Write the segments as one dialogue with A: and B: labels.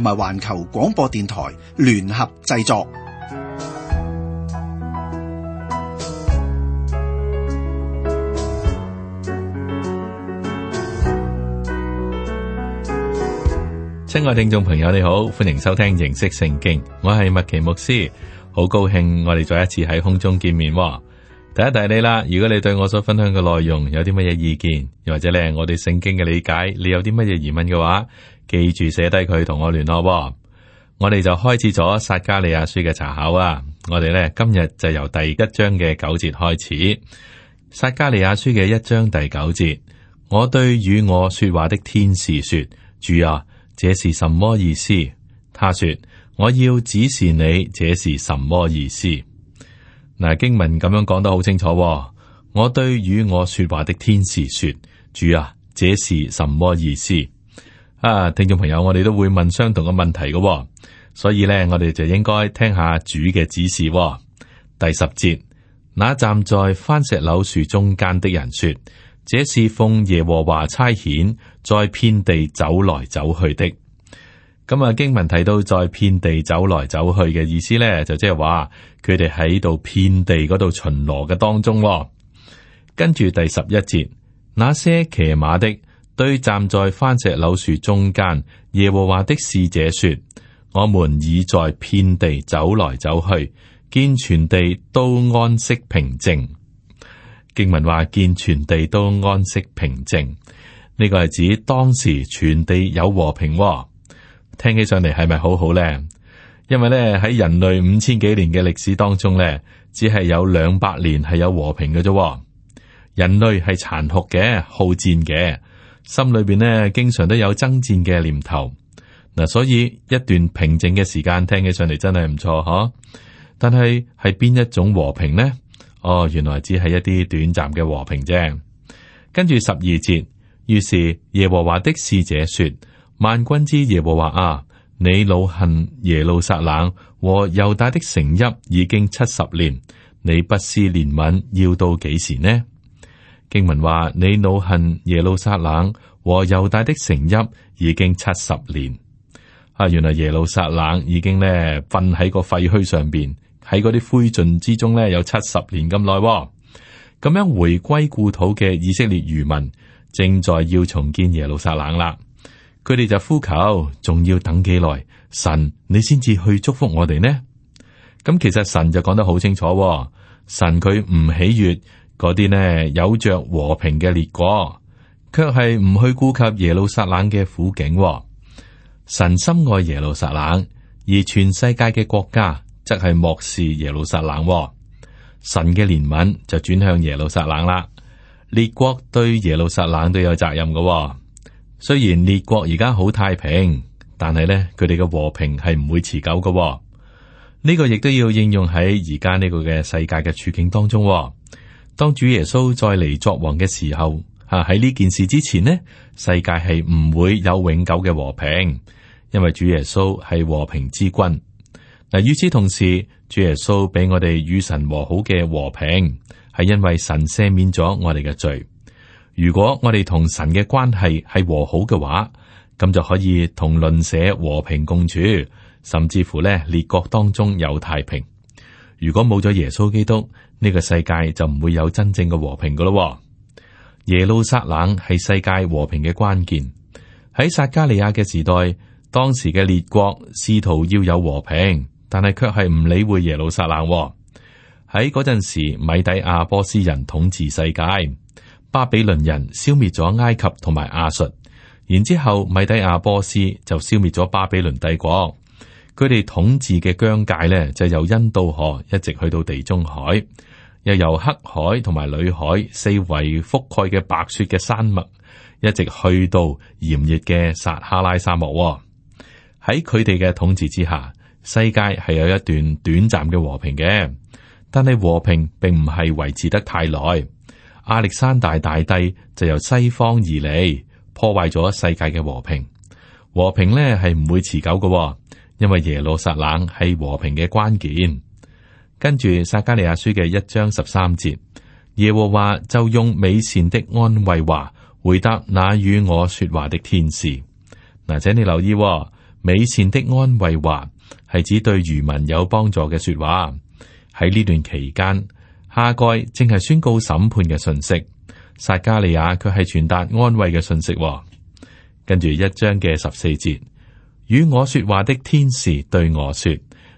A: 同埋環球廣播電台聯合製作。親愛聽眾朋友，你好，歡迎收聽認識聖經。我係麥奇牧師，好高興我哋再一次喺空中見面。提一提你啦。如果你對我所分享嘅內容有啲乜嘢意見，又或者你係我哋聖經嘅理解，你有啲乜嘢疑問嘅話。記住寫低佢同我聯絡，我哋就開始咗撒迦利亞書嘅查考啊！我哋呢，今日就由第一章嘅九節開始，撒迦利亞書嘅一章第九節，我對與我說話的天使說：主啊，這是什麼意思？他說：我要指示你，這是什麼意思？嗱，經文咁樣講得好清楚。我對與我說話的天使說：主啊，這是什麼意思？啊，聽眾朋友，我哋都會問相同嘅問題嘅，哦，所以呢，我哋就應該聽下主嘅指示，哦。第十節，那站在番石榴樹中間的人說：這是奉耶和華差遣，在遍地走來走去的。咁，嗯，啊，經文提到在遍地走來走去嘅意思呢，就即係話佢哋喺度遍地嗰度巡邏嘅當中，哦。跟住第十一節，那些騎馬的。對站在番石榴樹中間，耶和華的使者說：我們已在遍地走來走去，見全地都安息平靜。經文話：見全地都安息平靜，呢個係指當時全地有和平喎。聽起上嚟係咪好好呢？因為呢，喺人類五千幾年嘅歷史當中呢，只係有兩百年係有和平嘅。啫，人類係殘酷嘅，好戰嘅。心裏邊呢，經常都有爭戰嘅念頭，嗱，所以一段平靜嘅時間聽起上嚟真係唔錯嗬。但係係邊一種和平呢？哦，原來只係一啲短暫嘅和平啫。跟住十二節，於是耶和華的使者說：萬軍之耶和華啊，你老恨耶路撒冷和猶大的城邑已經七十年，你不施憐憫要到幾時呢？經文話：你惱恨耶路撒冷和猶大的城邑已經七十年。啊，原來耶路撒冷已經呢瞓喺個廢墟上邊，喺嗰啲灰燼之中呢，有七十年咁耐、哦。咁樣回歸故土嘅以色列餘民正在要重建耶路撒冷啦。佢哋就呼求，仲要等幾耐？神，你先至去祝福我哋呢？咁其實神就講得好清楚、哦，神佢唔喜悅。嗰啲呢，有着和平嘅列國，卻係唔去顧及耶路撒冷嘅苦境、哦。神深愛耶路撒冷，而全世界嘅國家則係漠視耶路撒冷、哦。神嘅憐憫就轉向耶路撒冷啦。列國對耶路撒冷都有責任噶、哦。雖然列國而家好太平，但係咧佢哋嘅和平係唔會持久噶、哦。呢個亦都要應用喺而家呢個嘅世界嘅處境當中、哦。當主耶穌再嚟作王嘅時候，吓喺呢件事之前呢，世界係唔會有永久嘅和平，因為主耶穌係和平之君。嗱，與此同時，主耶穌俾我哋與神和好嘅和平，係因為神赦免咗我哋嘅罪。如果我哋同神嘅關係係和好嘅話，咁就可以同鄰舍和平共處，甚至乎咧列國當中有太平。如果冇咗耶穌基督，呢、這個世界就唔會有真正嘅和平嘅咯。耶路撒冷係世界和平嘅關鍵。喺撒迦利亞嘅時代，當時嘅列國試圖要有和平，但係卻係唔理會耶路撒冷。喺嗰陣時，米底亞波斯人統治世界，巴比倫人消滅咗埃及同埋亞述，然之後米底亞波斯就消滅咗巴比倫帝國。佢哋統治嘅疆界咧，就由印度河一直去到地中海，又由黑海同埋裏海四圍覆蓋嘅白雪嘅山脈，一直去到炎熱嘅撒哈拉沙漠，哦。喺佢哋嘅統治之下，世界係有一段短暫嘅和平嘅，但係和平並唔係維持得太耐。亞歷山大大帝就由西方而嚟，破壞咗世界嘅和平。和平咧係唔會持久噶，哦。因為耶路撒冷係和平嘅關鍵，跟住，撒迦利亞書嘅一章十三節，耶和華就用美善的安慰話回答那與我說話的天使。嗱，請你留意、哦，美善的安慰話係指對漁民有幫助嘅說話。喺呢段期間，哈該正係宣告審判嘅信息，撒迦利亞卻係傳達安慰嘅信息、哦。跟住一章嘅十四節。與我說話的天使對我說：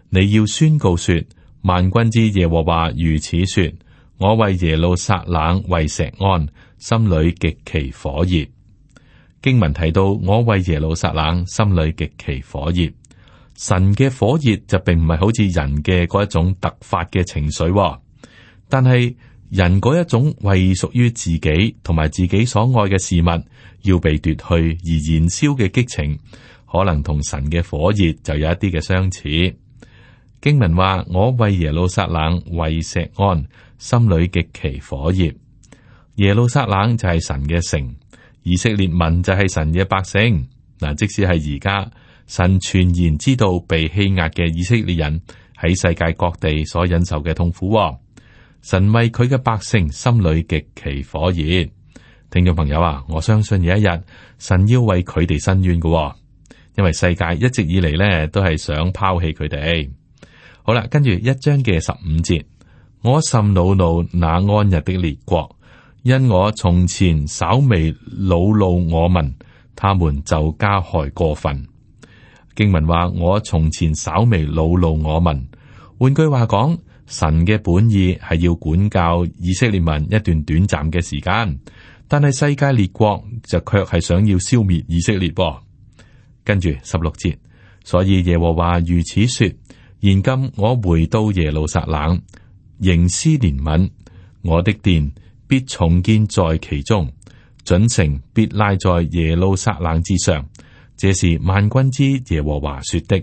A: 你要宣告說，萬軍之耶和華如此說：我為耶路撒冷為錫安，心裏極其火熱。經文提到，我為耶路撒冷心裏極其火熱。神嘅火熱就並唔係好似人嘅嗰一種突發嘅情緒哦，但係人嗰一種為屬於自己同埋自己所愛嘅事物要被奪去而燃燒嘅激情。可能同神嘅火熱就有一啲嘅相似。經文話：我為耶路撒冷為錫安，心裏極其火熱。耶路撒冷就係神嘅城，以色列民就係神嘅百姓。嗱，即使係而家神全然知道被欺壓嘅以色列人喺世界各地所忍受嘅痛苦，神為佢嘅百姓心裏極其火熱。聽眾朋友啊，我相信有一日神要為佢哋申冤嘅。因為世界一直以嚟呢，都係想拋棄佢哋。好啦，跟住一章嘅十五節，我甚惱怒那安逸的列國，因我從前稍微惱怒我民，他們就加害過分。經文話，我從前稍微惱怒我民，換句話講，神嘅本意係要管教以色列民一段短暫嘅時間，但係世界列國就卻係想要消滅以色列噃。跟住十六節，所以耶和華如此說：現今我回到耶路撒冷，仍施憐憫，我的殿必重建在其中，準繩必拉在耶路撒冷之上。這是萬軍之耶和華說的。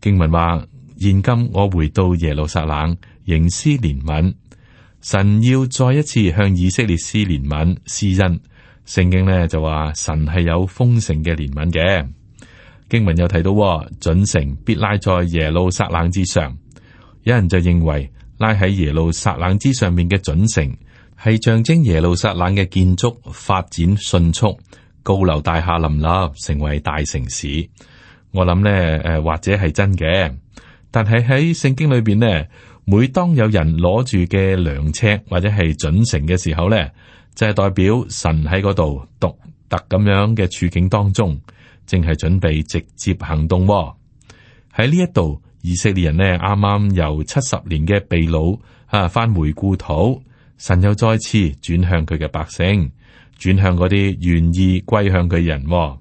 A: 經文話：現今我回到耶路撒冷，仍施憐憫，神要再一次向以色列施憐憫、施恩。聖經呢就話神係有豐盛嘅憐憫嘅經文有提到，準繩必拉在耶路撒冷之上，有人就認為拉喺耶路撒冷之上面嘅準繩係象徵耶路撒冷嘅建築發展迅速，高樓大廈林立，成為大城市。我諗呢，誒，或者係真嘅，但係喺聖經裏邊呢，每當有人攞住嘅糧車或者係準繩嘅時候呢。就係代表神喺嗰度獨特咁樣嘅處境當中，淨係準備直接行動、哦。喺呢一度，以色列人呢啱啱由七十年嘅被擄啊翻回故土，神又再次轉向佢嘅百姓，轉向嗰啲願意歸向佢人、哦。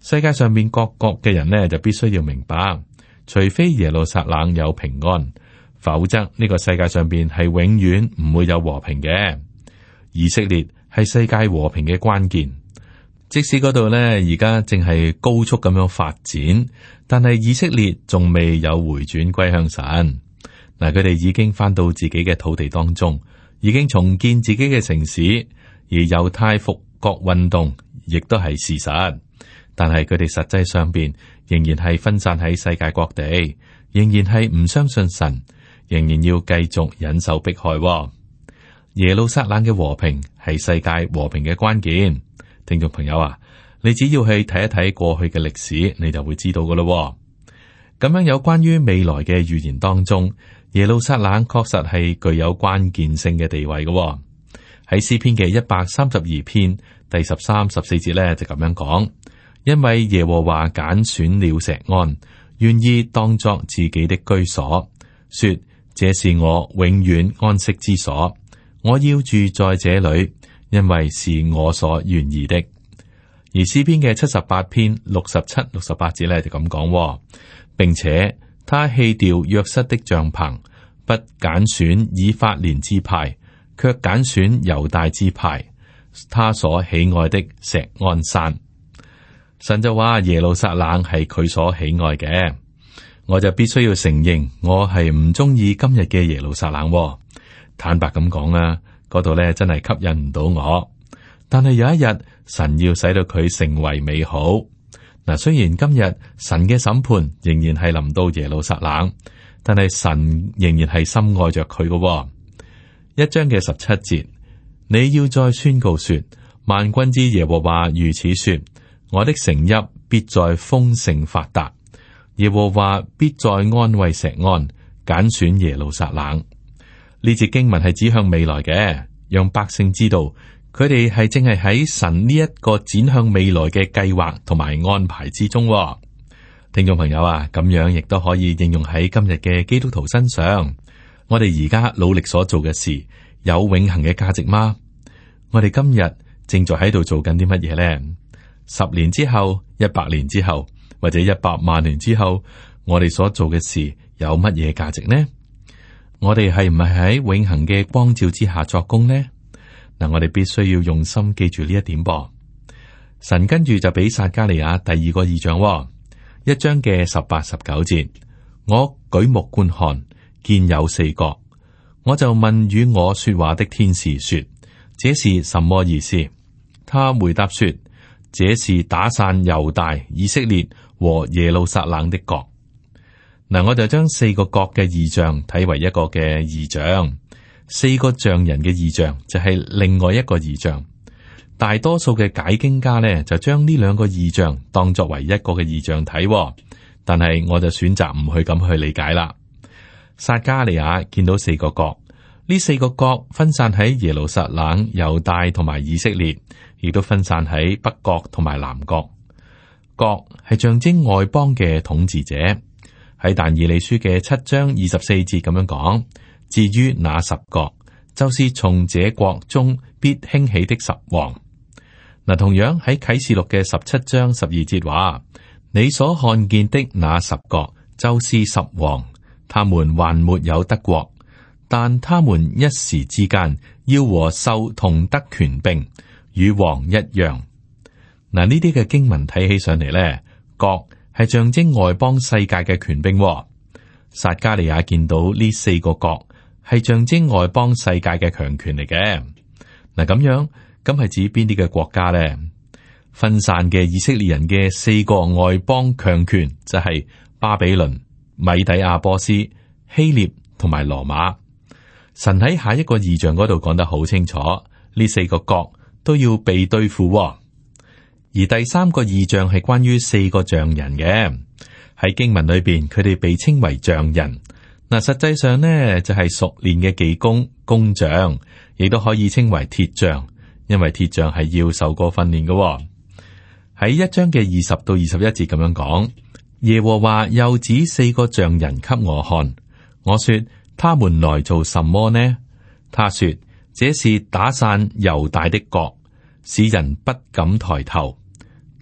A: 世界上面各國嘅人呢，就必須要明白，除非耶路撒冷有平安，否則呢個世界上邊係永遠唔會有和平嘅。以色列係世界和平嘅關鍵，即使嗰度呢而家淨係高速咁樣發展，但係以色列仲未有回轉歸向神。嗱，佢哋已經返到自己嘅土地當中，已經重建自己嘅城市，而猶太復國運動亦都係事實。但係佢哋實際上邊仍然係分散喺世界各地，仍然係唔相信神，仍然要繼續忍受迫害。耶路撒冷嘅和平係世界和平嘅關鍵。聽眾朋友啊，你只要去睇一睇過去嘅歷史，你就會知道噶咯。咁樣有關於未來嘅預言當中，耶路撒冷確實係具有關鍵性嘅地位嘅。喺詩篇嘅一百三十二篇第十三十四節咧，就咁樣講，因為耶和華揀選了錫安，願意當作自己的居所，說這是我永遠安息之所。我要住在這裏，因為是我所願意的。而詩篇嘅七十八篇六十七六十八節咧就咁講，哦，並且他棄掉約瑟的帳篷，不揀選以法蓮支派，卻揀選猶大支派。他所喜愛的錫安山，神就話耶路撒冷係佢所喜愛嘅。我就必須要承認，我係唔中意今日嘅耶路撒冷，哦。坦白咁講啊，嗰度咧真係吸引唔到我。但係有一日，神要使到佢成為美好。嗱，雖然今日神嘅審判仍然係臨到耶路撒冷，但係神仍然係深愛着佢嘅。一章嘅十七節，你要再宣告說：萬軍之耶和華如此說，我的城邑必再豐盛發達，耶和華必再安慰錫安揀選耶路撒冷。呢節經文係指向未來嘅，讓百姓知道佢哋係正係喺神呢一個展向未來嘅計劃同埋安排之中，哦。聽眾朋友啊，咁樣亦都可以應用喺今日嘅基督徒身上。我哋而家努力所做嘅事有永恆嘅價值嗎？我哋今日正在喺度做緊啲乜嘢呢？十年之後，一百年之後或者一百萬年之後，我哋所做嘅事有乜嘢價值呢？我哋係唔係喺永恒嘅光照之下作工呢？嗱，我哋必須要用心記住呢一點噃。神跟住就俾撒迦利亞第二個異象喔，一章嘅十八十九節，我舉目觀看，見有四角，我就問與我說話的天使說：這是什麼意思？他回答說：這是打散猶大、以色列和耶路撒冷的角。嗱，我就將四個角嘅異象睇為一個嘅異象，四個匠人嘅異象就係另外一個異象。大多數嘅解經家呢，就將呢兩個異象當作為一個嘅異象睇，但係我就選擇唔去咁去理解啦。撒迦利亞見到四個角，呢四個角分散喺耶路撒冷、猶大同埋以色列，亦都分散喺北角同埋南角。角係象徵外邦嘅統治者。喺但以理書嘅七章二十四節咁樣講，至於那十國，就是從這國中必興起的十王。嗱，同樣喺啟示錄嘅十七章十二節話，你所看見的那十國，就是十王，他們還沒有得國，但他們一時之間要和獸同得權柄，與王一樣。嗱，呢啲嘅經文睇起上嚟呢。國。係象徵外邦世界嘅權兵，哦，撒迦利亞見到呢四個國，係象徵外邦世界嘅強權嚟嘅。嗱咁樣，咁係指邊啲嘅國家咧？分散嘅以色列人嘅四個外邦強權，就係巴比倫、米底亞、波斯、希臘同埋羅馬。神喺下一個異象嗰度講得好清楚，呢四個國都要被對付，哦。而第三個異象係關於四個匠人嘅，喺經文裏邊，佢哋被稱為匠人嗱。實際上呢就係、是、熟練嘅技工工匠，亦都可以稱為鐵匠，因為鐵匠係要受過訓練嘅。喺一章嘅二十到二十一節咁樣講，耶和華又指四個匠人給我看，我說他們來做什麼呢？他說這是打散猶大的角，使人不敢抬頭。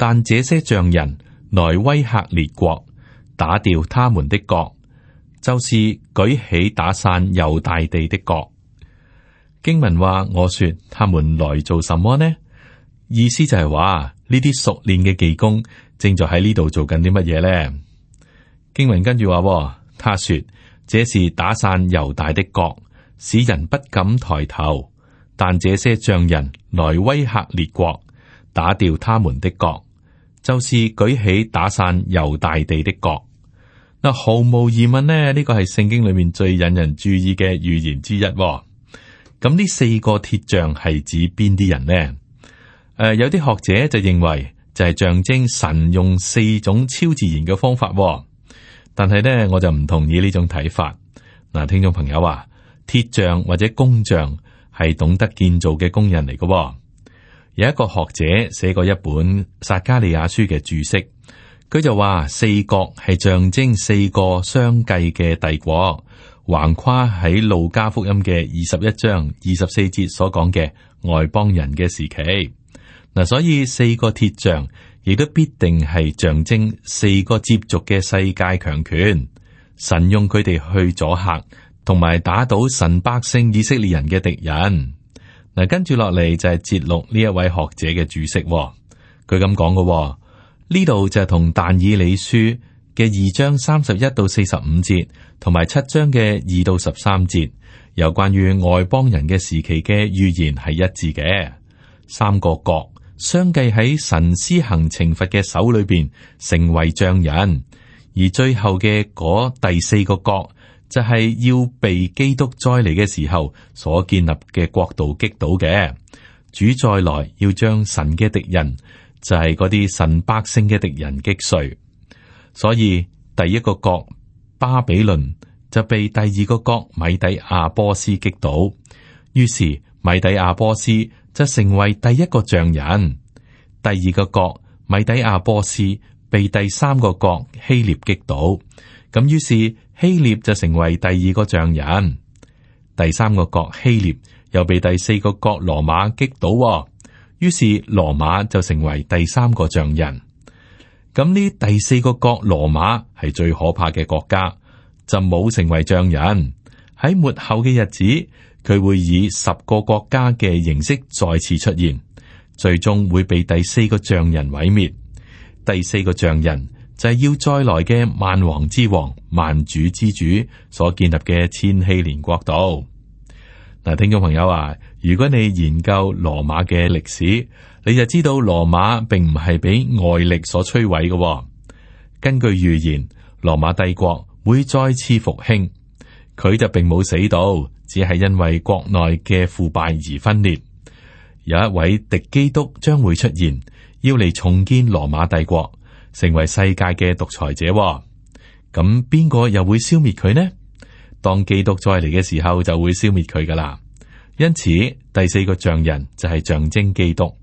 A: 但這些匠人來威嚇列國，打掉他們的角，就是舉起打散猶大地的角。經文話：我說他們來做什麼呢？意思就係話呢啲熟練嘅技工正在喺呢度做緊啲乜嘢呢？經文跟住話：他說這是打散猶大的角，使人不敢抬頭。但這些匠人來威嚇列國，打掉他們的角。就是舉起打散猶大地的角，那毫無疑問呢，呢個係聖經裏面最引人注意嘅預言之一，哦。咁呢四個鐵匠係指邊啲人呢？誒、呃，有啲學者就認為就係象徵神用四種超自然嘅方法，哦。但係呢，我就唔同意呢種睇法。嗱，聽眾朋友啊，鐵匠或者工匠係懂得建造嘅工人嚟嘅，哦。有一個學者寫過一本撒迦利亞書嘅註釋，佢就話四國係象徵四個相繼嘅帝國，橫跨喺路加福音嘅二十一章二十四節所講嘅外邦人嘅時期。嗱，所以四個鐵匠亦都必定係象徵四個接續嘅世界強權，神用佢哋去阻嚇同埋打倒神百姓以色列人嘅敵人。嗱，跟住落嚟就係節錄呢一位學者嘅注釋，佢咁講嘅，呢度就係同但以理書嘅二章三十一到四十五節，同埋七章嘅二到十三節，由關於外邦人嘅時期嘅預言係一致嘅。三個角相繼喺神施行懲罰嘅手裏邊成為匠人，而最後嘅嗰第四個角。就係要被基督再嚟嘅時候所建立嘅國度擊倒嘅主再來，要將神嘅敵人就係嗰啲神百姓嘅敵人擊碎。所以第一個國巴比倫就被第二個國米底亞波斯擊倒，於是米底亞波斯就成為第一個匠人。第二個國米底亞波斯被第三個國希臘擊倒，咁於是。希臘就成為第二個匠人，第三個國希臘又被第四個國羅馬擊倒。哦，於是羅馬就成為第三個匠人。咁呢第四個國羅馬係最可怕嘅國家，就冇成為匠人。喺末後嘅日子，佢會以十個國家嘅形式再次出現，最終會被第四個匠人毀滅。第四個匠人就係要再來嘅萬王之王、萬主之主所建立嘅千禧年國度。嗱，聽眾朋友啊，如果你研究羅馬嘅歷史，你就知道羅馬並唔係俾外力所摧毀嘅，哦。根據預言，羅馬帝國會再次復興，佢就並冇死到，只係因為國內嘅腐敗而分裂。有一位敵基督將會出現，要嚟重建羅馬帝國。成為世界嘅獨裁者、哦，咁邊個又會消滅佢呢？當基督再嚟嘅時候，就會消滅佢噶啦。因此，第四個象人就係象徵基督。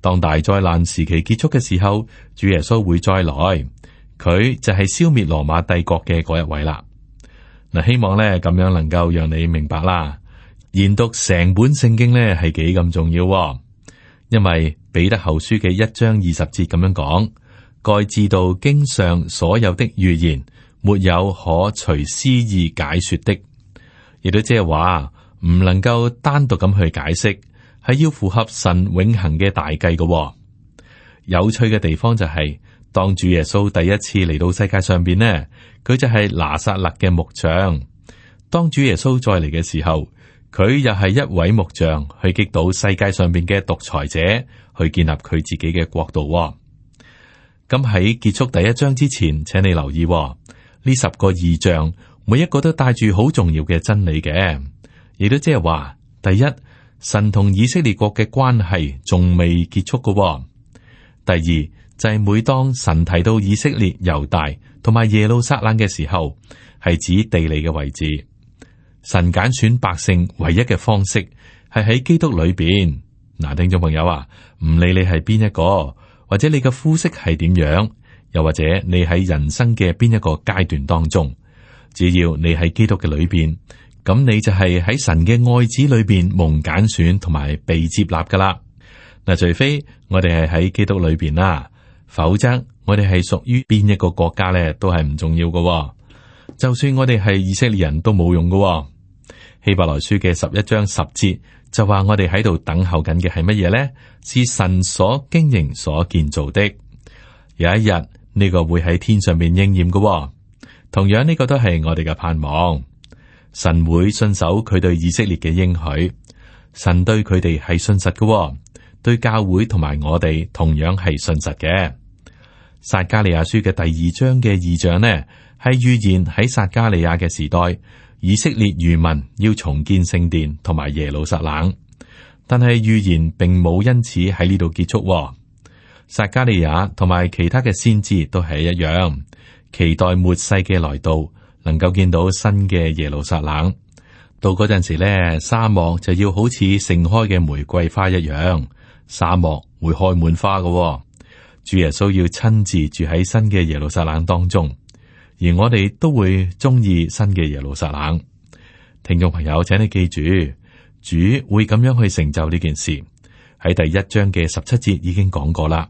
A: 當大災難時期結束嘅時候，主耶穌會再來，佢就係消滅羅馬帝國嘅嗰一位啦。嗱，希望咧咁樣能夠讓你明白啦。研讀成本聖經咧係幾咁重要，因為彼得後書嘅一章二十節咁樣講。該知道經上所有的預言沒有可隨私意解說的，亦都即係話唔能夠單獨咁去解釋，係要符合神永恒嘅大計嘅、哦。有趣嘅地方就係、是，當主耶穌第一次嚟到世界上邊呢，佢就係拿撒勒嘅木匠；當主耶穌再嚟嘅時候，佢又係一位木匠去擊倒世界上邊嘅獨裁者，去建立佢自己嘅國度、哦。咁喺結束第一章之前，請你留意喎、呢，十個異象，每一個都帶住好重要嘅真理嘅，亦都即係話：第一，神同以色列國嘅關係仲未結束㗎、哦。第二就係、是，每當神提到以色列、猶大同埋耶路撒冷嘅時候，係指地理嘅位置。神揀選百姓唯一嘅方式係喺基督裏邊。嗱，聽眾朋友啊，唔理你係邊一個。或者你嘅膚色係點樣，又或者你喺人生嘅邊一個階段當中，只要你喺基督嘅裏邊，咁你就係喺神嘅愛子裏邊蒙揀選同埋被接納噶啦。嗱，除非我哋係喺基督裏邊啦，否則我哋係屬於邊一個國家咧，都係唔重要噶喎。就算我哋係以色列人都冇用噶喎。希伯來書嘅十一章十節。就話我哋喺度等候緊嘅係乜嘢呢？是神所經營、所建造的。有一日呢，這個會喺天上邊應驗嘅，哦。同樣呢，這個都係我哋嘅盼望。神會信守佢對以色列嘅應許。神對佢哋係信實嘅，哦，對教會同埋我哋同樣係信實嘅。撒迦利亞書嘅第二章嘅意象呢，係預言喺撒迦利亞嘅時代。以色列餘民要重建聖殿同埋耶路撒冷，但係預言並冇因此喺呢度結束、哦。撒迦利亞同埋其他嘅先知都係一樣，期待末世嘅來到，能夠見到新嘅耶路撒冷。到嗰陣時咧，沙漠就要好似盛開嘅玫瑰花一樣，沙漠會開滿花嘅、哦。主耶穌要親自住喺新嘅耶路撒冷當中。而我哋都會中意新嘅耶路撒冷，聽眾朋友，請你記住，主會咁樣去成就呢件事。喺第一章嘅十七節已經講過啦。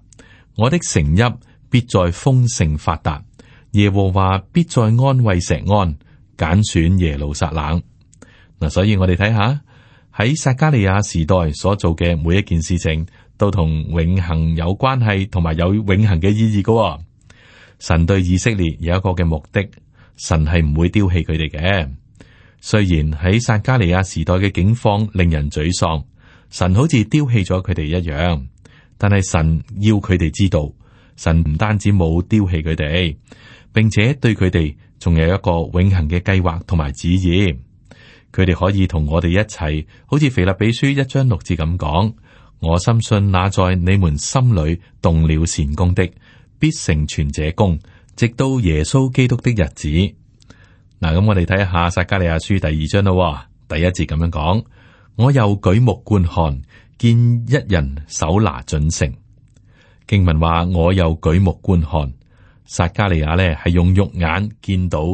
A: 我的城邑必再豐盛發達，耶和華必再安慰錫安揀選耶路撒冷。嗱，所以我哋睇下喺撒迦利亞時代所做嘅每一件事情，都同永恆有關係，同埋有永恆嘅意義噶、哦。神對以色列有一個嘅目的，神係唔會丟棄佢哋嘅。雖然喺撒迦利亞時代嘅境況令人沮喪，神好似丟棄咗佢哋一樣，但係神要佢哋知道，神唔單止冇丟棄佢哋，並且對佢哋仲有一個永恆嘅計劃同埋指引。佢哋可以同我哋一齊，好似腓立比書一章六字咁講：我深信那在你們心裏動了善工的，必成全者功，直到耶穌基督的日子。嗱，咁我哋睇下撒迦利亞書第二章咯。第一節咁樣講，我又舉目觀看，見一人手拿準繩。經文話，我又舉目觀看，撒迦利亞咧係用肉眼見到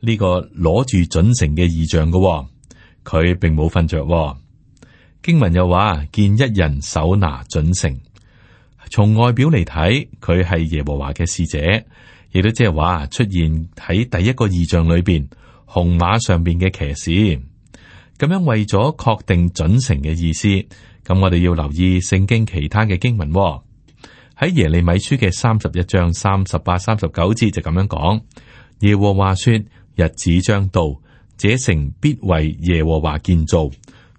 A: 呢個攞住準繩嘅異象嘅，佢並冇瞓着。經文又話，見一人手拿準繩。從外表嚟睇，佢係耶和華嘅使者，亦都即係話出現喺第一個異象裏邊，紅馬上邊嘅騎士。咁樣為咗確定準城嘅意思，咁我哋要留意聖經其他嘅經文。喺耶利米書嘅三十一章三十八、三十九節就咁樣講：耶和華說，日子將到，這城必為耶和華建造，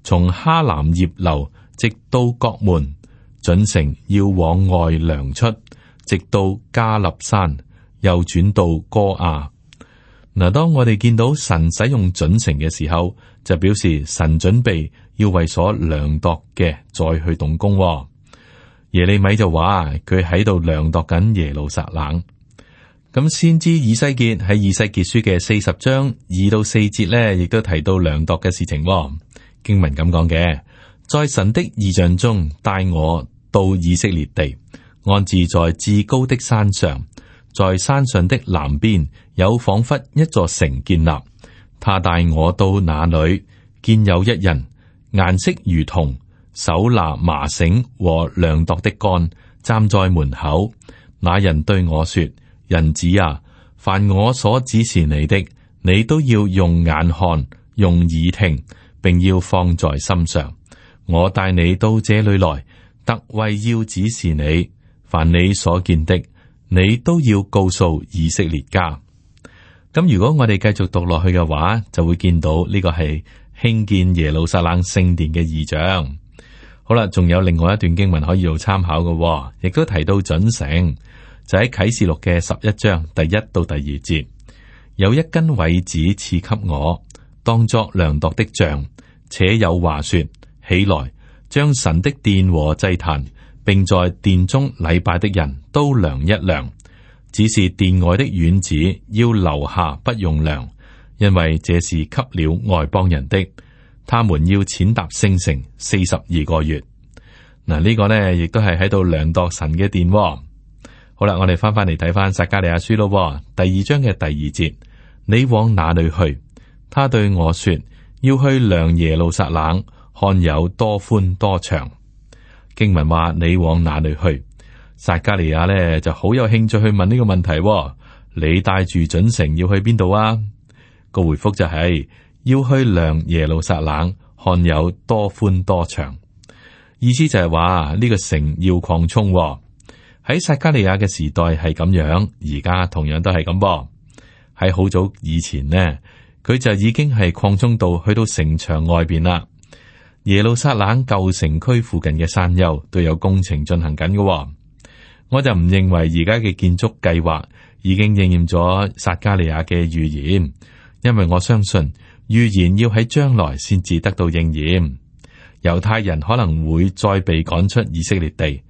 A: 從哈南葉樓直到國門。準繩要往外量出，直到加立山，又轉到歌亞。嗱，當我哋見到神使用準繩嘅時候，就表示神準備要為所量度嘅再去動工。耶利米就話佢喺度量度緊耶路撒冷，咁先知以西結喺以西結書嘅四十章二到四節呢，亦都提到量度嘅事情。經文咁講嘅，在神的異象中帶我到以色列地，安置在至高的山上，在山上的南邊有仿佛一座城建立。他帶我到那裏，見有一人顏色如銅，手拿麻繩和量度的杆，站在門口。那人對我說：人子啊，凡我所指示你的，你都要用眼看，用耳聽，並要放在心上。我帶你到這裏來。特為要指示你，凡你所見的，你都要告訴以色列家。咁如果我哋繼續讀落去嘅話，就會見到呢個係興建耶路撒冷聖殿嘅異象，好啦，仲有另外一段經文可以做參考嘅、哦，亦都提到準繩，就喺啟示錄嘅十一章第一到第二節，有一根葦子賜給我，當作量度的杖，且有話說：起來。將神的殿和祭壇，並在殿中禮拜的人都量一量，只是殿外的院子要留下不用量，因為這是給了外邦人的。他們要踐踏聖城四十二個月。嗱，呢個呢亦都係喺度量度神嘅殿，哦。好啦，我哋翻翻嚟睇翻撒迦利亞書咯，第二章嘅第二節，你往哪裏去？他對我說，要去量耶路撒冷。看有多寬多長。經文話：你往哪裏去？撒迦利亞咧就好有興趣去問呢個問題。你帶住準城要去邊度啊？個回覆就係、是，要去量耶路撒冷。看有多寬多長，意思就係話呢個城要擴充。喺撒迦利亞嘅時代係咁樣，而家同樣都係咁。喺好早以前呢，佢就已經係擴充到去到城牆外邊啦。耶路撒冷舊城區附近嘅山丘都有工程進行緊嘅，我就唔認為而家嘅建築計劃已經應驗咗撒迦利亞嘅預言，因為我相信預言要喺將來先至得到應驗。猶太人可能會再被趕出以色列地，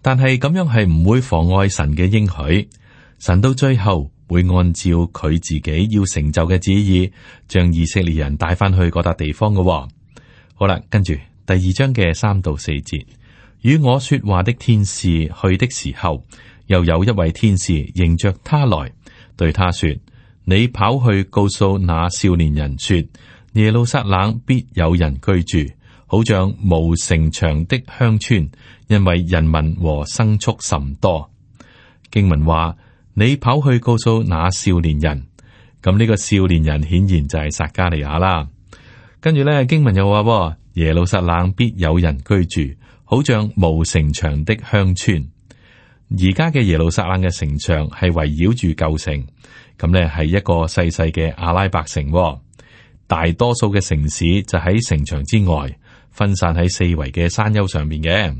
A: 但係咁樣係唔會妨礙神嘅應許，神到最後會按照佢自己要成就嘅旨意，將以色列人帶翻去嗰笪地方嘅。好啦，跟住第二章嘅三到四節，與我說話的天使去的時候，又有一位天使迎着他來，對他說：你跑去告訴那少年人說，耶路撒冷必有人居住，好像無城牆的鄉村，因為人民和牲畜甚多。經文話：你跑去告訴那少年人，咁呢個少年人顯然就係撒迦利亞啦。跟住咧，經文又話：耶路撒冷必有人居住，好像無城牆的鄉村。而家嘅耶路撒冷嘅城牆係圍繞住舊城，咁咧係一個細細嘅阿拉伯城。大多數嘅城市就喺城牆之外，分散喺四圍嘅山丘上面嘅。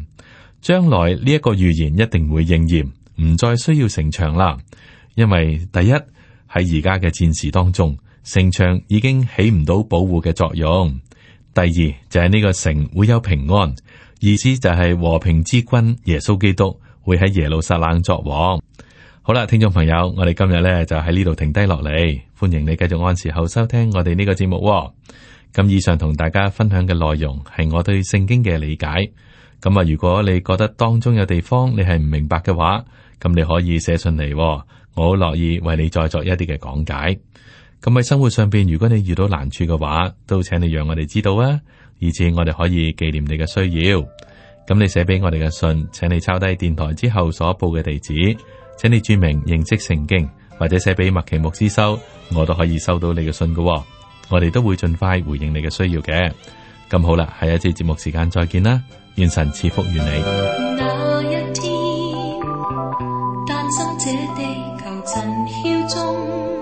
A: 將來呢一個預言一定會應驗，唔再需要城牆啦。因為第一喺而家嘅戰事當中。城牆已經起唔到保護嘅作用。第二，就係、是、呢個城會有平安，意思就係和平之君耶穌基督會喺耶路撒冷作王。好啦，聽眾朋友，我哋今日呢就喺呢度停低落嚟，歡迎你繼續按時候收聽我哋呢個節目，哦。咁以上同大家分享嘅內容係我對聖經嘅理解。咁啊，如果你覺得當中有地方你係唔明白嘅話，咁你可以寫信嚟，哦，我好樂意為你再作一啲嘅講解。咁喺生活上邊，如果你遇到難處嘅話，都請你讓我哋知道啊，以至我哋可以紀念你嘅需要。咁你寫俾我哋嘅信，請你抄低電台之後所報嘅地址，請你注明認識聖經，或者寫俾麥其木之修，我都可以收到你嘅信嘅。我哋都會盡快回應你嘅需要嘅。咁好啦，下一次節目時間，再見啦，願神賜福與你。那一天，誕生這地球塵囂中。